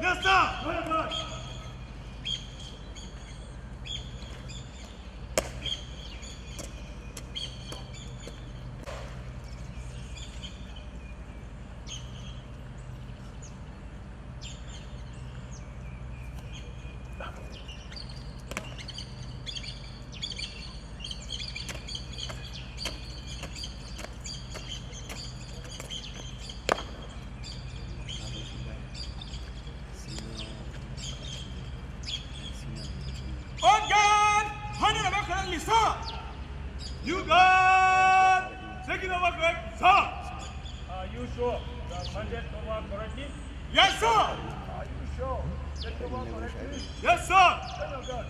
Nessa! Vai, vai! You got second over correct, sir. Are you sure the hundred over correctly? Yes, sir. Are you sure second over correctly? Yes, sir.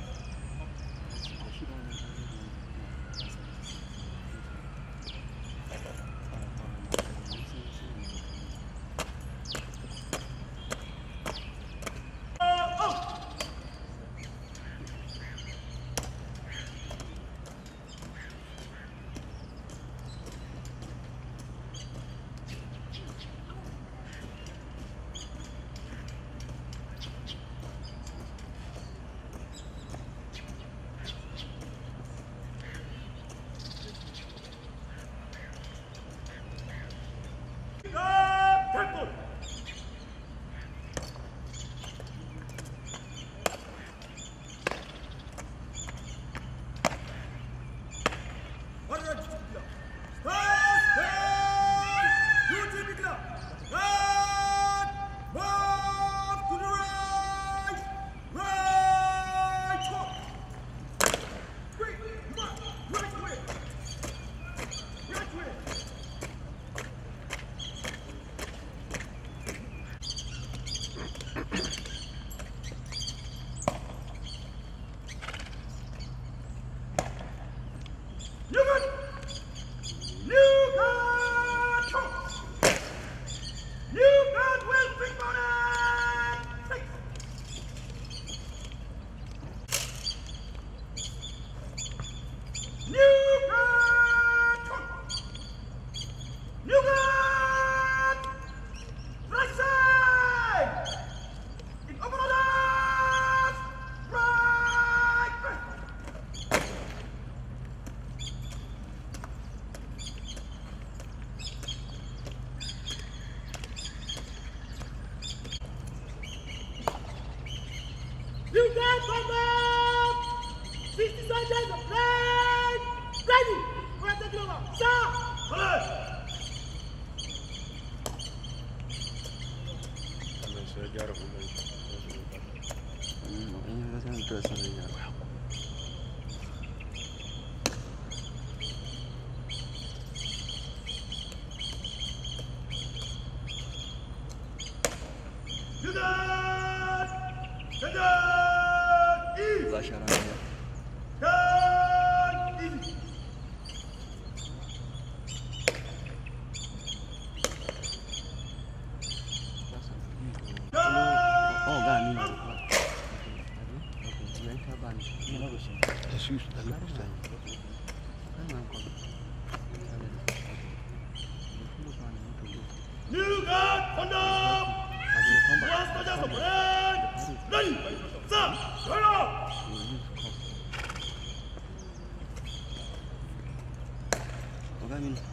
Stand from 60 seconds of play! Ready! We're taking over. Stop! Play! You got! You got! relaxar agora. Oh, God, no. Okay, okay. Okay, okay. Just use the left side. New God, আলমিন